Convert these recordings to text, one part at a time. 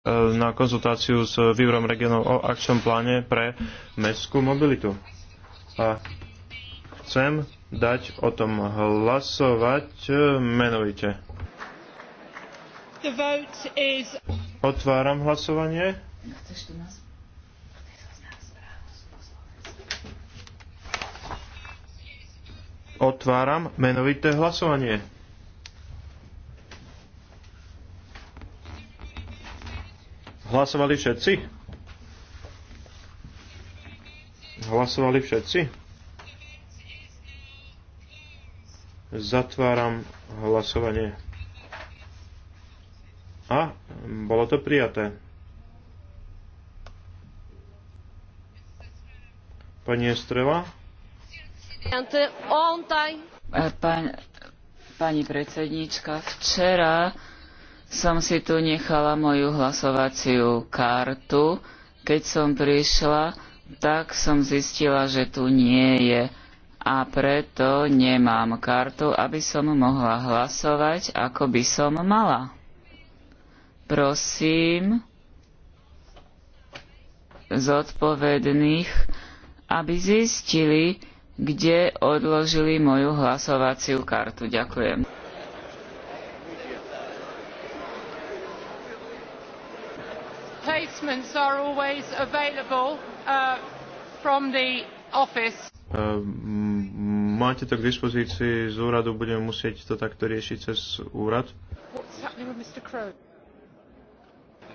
E, na konzultáciu s výborom regionov o akčnom pláne pre mestskú mobilitu. A chcem dať o tom hlasovať e, menovite. Is... Otváram hlasovanie. Otváram menovité hlasovanie. Hlasovali všetci? Hlasovali všetci? Zatváram hlasovanie. A bolo to prijaté. Pani Estrela? pani predsednička, včera som si tu nechala moju hlasovaciu kartu. Keď som prišla, tak som zistila, že tu nie je a preto nemám kartu, aby som mohla hlasovať, ako by som mala. Prosím zodpovedných, aby zistili, kde odložili moju hlasovaciu kartu. Ďakujem. documents are always available uh, from the office. Uh, máte to k dispozícii z úradu, budeme musieť to takto riešiť cez úrad. What's happening with Mr. Crow?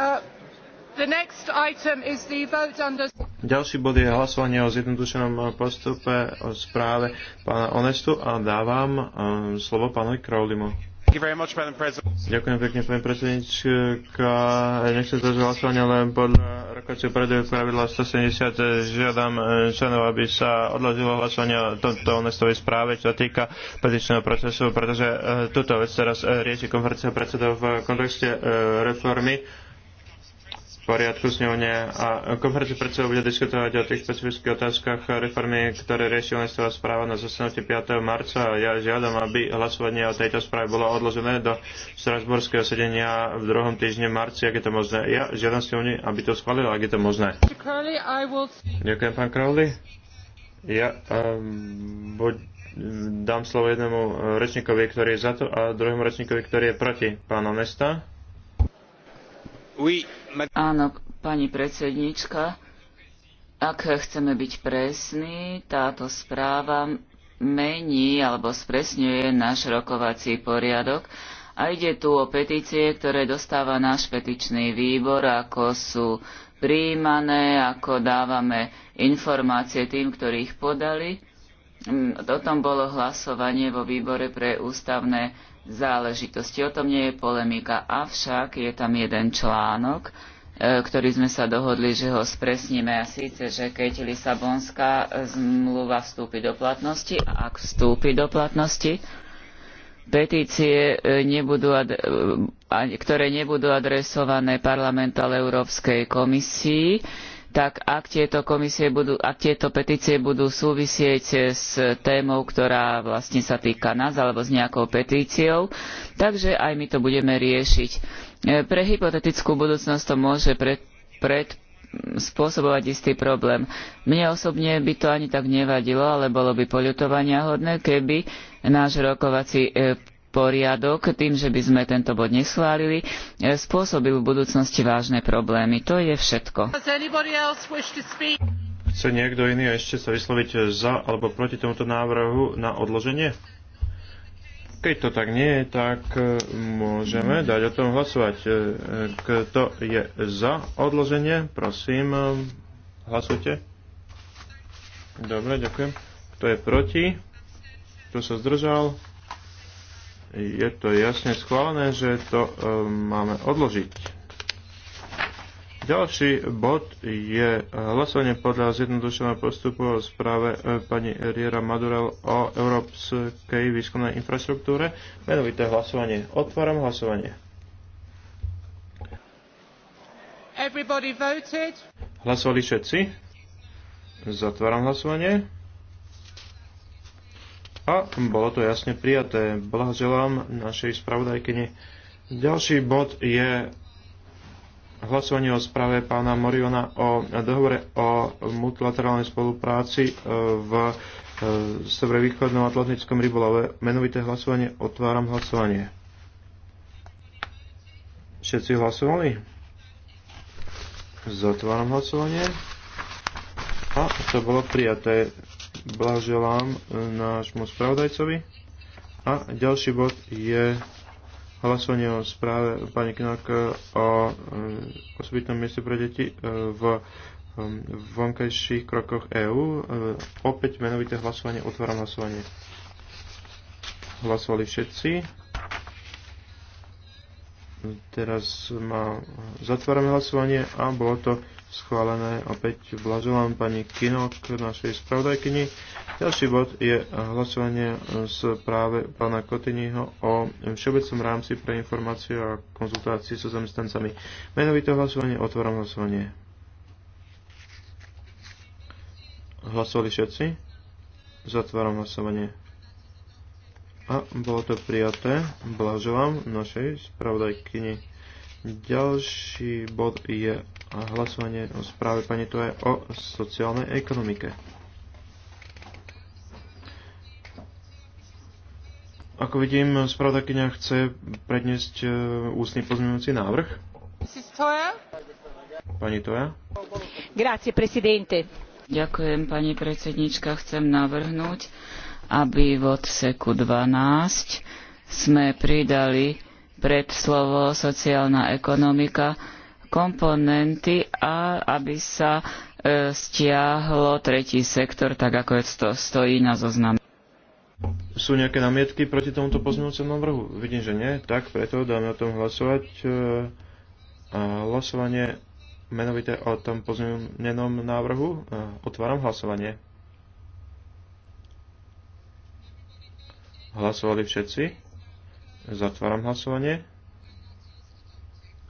Uh, the next item is the vote under... Ďalší bod je hlasovanie o zjednodušenom postupe o správe pána Onestu a dávam um, slovo pánovi Crowleymu. Ďakujem pekne, pani predsednička. Nechcem to hlasovanie, len podľa rokovacieho poriadku pravidla 170 žiadam členov, aby sa odložilo hlasovanie o tomto nestovej správe, čo sa týka petičného procesu, pretože eh, túto vec teraz eh, rieši konferencia predsedov v kontexte eh, reformy poriadku sňovne a konferencia predsedov bude diskutovať o tých špecifických otázkach reformy, ktoré riešil Lenistová správa na zasadnutí 5. marca. Ja žiadam, aby hlasovanie o tejto správe bolo odložené do strasburského sedenia v druhom týždni marci, ak je to možné. Ja žiadam sňovne, aby to schválilo, ak je to možné. Ďakujem, pán Crowley. Ja um, buď dám slovo jednému eh, rečníkovi, ktorý je za to a druhému rečníkovi, ktorý je proti pána Mesta. Áno, pani predsednička, ak chceme byť presní, táto správa mení alebo spresňuje náš rokovací poriadok a ide tu o petície, ktoré dostáva náš petičný výbor, ako sú prijímané, ako dávame informácie tým, ktorí ich podali O mm, tom bolo hlasovanie vo výbore pre ústavné záležitosti. O tom nie je polemika. Avšak je tam jeden článok, e, ktorý sme sa dohodli, že ho spresníme a síce, že keď Lisabonská e, zmluva vstúpi do platnosti a ak vstúpi do platnosti, petície, e, nebudú, ktoré nebudú adresované parlamentu, ale Európskej komisii, tak ak tieto, komisie budú, ak tieto petície budú súvisieť s témou, ktorá vlastne sa týka nás alebo s nejakou petíciou, takže aj my to budeme riešiť. E, pre hypotetickú budúcnosť to môže pred, pred spôsobovať istý problém. Mne osobne by to ani tak nevadilo, ale bolo by poľutovania hodné, keby náš rokovací e, poriadok tým, že by sme tento bod neschválili, e, spôsobil v budúcnosti vážne problémy. To je všetko. Chce niekto iný ešte sa vysloviť za alebo proti tomuto návrhu na odloženie? Keď to tak nie je, tak e, môžeme dať o tom hlasovať. E, kto je za odloženie, prosím, hlasujte. Dobre, ďakujem. Kto je proti? Kto sa zdržal? je to jasne schválené, že to e, máme odložiť. Ďalší bod je e, hlasovanie podľa zjednodušeného postupu o správe e, pani Riera Madurel o európskej výskumnej infraštruktúre. Menovité hlasovanie. Otváram hlasovanie. Hlasovali všetci. Zatváram hlasovanie. A bolo to jasne prijaté. Blahoželám našej spravodajkyni. Ďalší bod je hlasovanie o správe pána Moriona o dohovore o multilaterálnej spolupráci e, v e, severovýchodnom atlantickom rybolove. Menovité hlasovanie. Otváram hlasovanie. Všetci hlasovali? Zotváram hlasovanie. A to bolo prijaté blaželám e, nášmu spravodajcovi. A ďalší bod je hlasovanie o správe pani Knak e, o e, osobitnom mieste pre deti v vonkajších krokoch EÚ. Opäť menovité hlasovanie, otváram hlasovanie. Hlasovali všetci. Teraz ma zatvárame hlasovanie a bolo to schválené. Opäť blaželám pani Kinok, našej spravodajkyni. Ďalší bod je hlasovanie z práve pána Kotyniho o všeobecnom rámci pre informáciu a konzultácii so zamestnancami. Menovité hlasovanie, otváram hlasovanie. Hlasovali všetci? Zatváram hlasovanie. A bolo to prijaté. blažovám našej spravodajkyni. Ďalší bod je hlasovanie o správe pani Toje o sociálnej ekonomike. Ako vidím, takyňa chce predniesť e, ústny pozmeňujúci návrh. Pani Toja. Grazie, presidente. Ďakujem, pani predsednička. Chcem navrhnúť, aby v odseku 12 sme pridali pred slovo sociálna ekonomika komponenty a aby sa e, stiahlo tretí sektor, tak ako je to stojí na zozname. Sú nejaké namietky proti tomuto pozmeňujúcemu návrhu? Vidím, že nie, tak preto dáme o tom hlasovať. E, hlasovanie menovite o tom pozmenenom návrhu. E, otváram hlasovanie. Hlasovali všetci? Zatváram hlasovanie.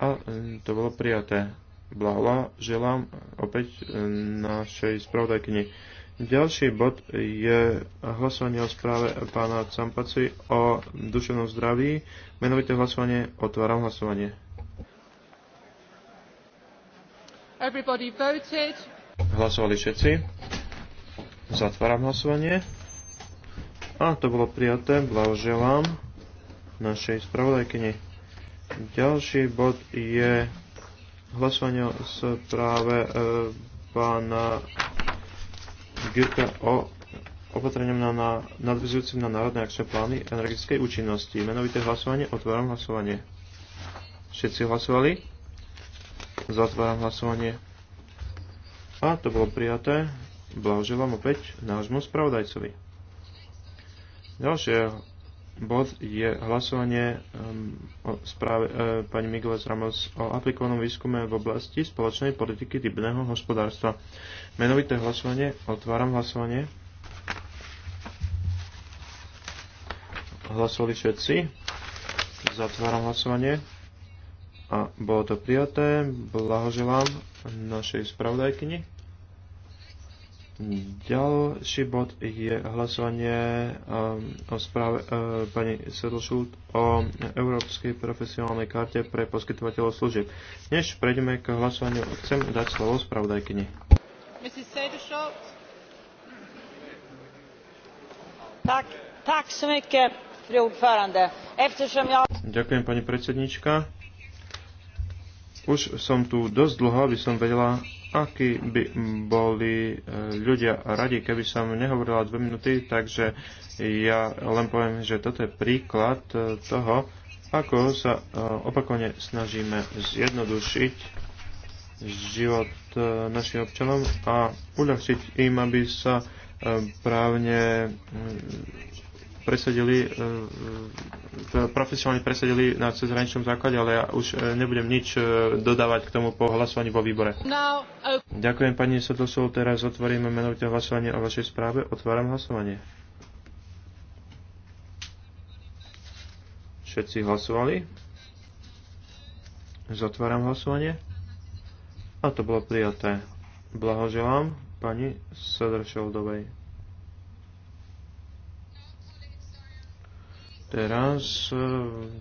A e, to bolo prijaté. Blahola želám e, opäť e, našej spravodajkyni. Ďalší bod je hlasovanie o správe pána Campaci o duševnom zdraví. Menovité hlasovanie, otváram hlasovanie. Hlasovali všetci. Zatváram hlasovanie. A to bolo prijaté, blahoželám našej spravodajkyni. Ďalší bod je hlasovanie o správe e, pána Girka o opatreniam na, na nadvizujúcim na národné akčné plány energetickej účinnosti. Menovité hlasovanie, otváram hlasovanie. Všetci hlasovali? Zatváram hlasovanie. A to bolo prijaté. Blahoželám opäť nášmu spravodajcovi. Ďalšie bod je hlasovanie ehm, o správe e, pani Miguel Ramos o aplikovanom výskume v oblasti spoločnej politiky rybného hospodárstva. Menovité hlasovanie, otváram hlasovanie. Hlasovali všetci. Zatváram hlasovanie. A bolo to prijaté. Blahoželám našej spravodajkyni. Ďalší bod je hlasovanie um, o správe uh, pani Sedlšult o Európskej profesionálnej karte pre poskytovateľov služieb. Než prejdeme k hlasovaniu, chcem dať slovo spravodajkyni. Tak, tak ja... Ďakujem, pani predsednička. Už som tu dosť dlho, aby som vedela, akí by boli e, ľudia radi, keby som nehovorila dve minúty, takže ja len poviem, že toto je príklad e, toho, ako sa e, opakovane snažíme zjednodušiť život našim občanom a uľahčiť im, aby sa právne presadili profesionálne presadili na cezhraničnom základe, ale ja už e, nebudem nič e, dodávať k tomu po hlasovaní vo výbore. okay. Ďakujem pani Sotosov, teraz otvoríme menovité hlasovanie o vašej správe. Otváram hlasovanie. Všetci hlasovali? Zatváram hlasovanie. A to bolo prijaté. Blahoželám pani Sedršovdovej. Teraz,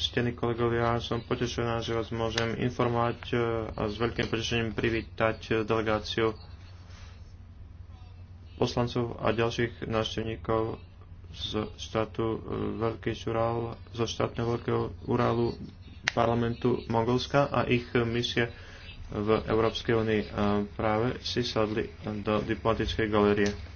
stení e, kolegovia, som potešená, že vás môžem informovať e, a s veľkým potešením privítať e, delegáciu poslancov a ďalších návštevníkov z štátu Veľký Šurál, zo štátneho Veľkého Urálu parlamentu Mongolska a ich misie v Európskej únii práve si sadli do diplomatickej galerie.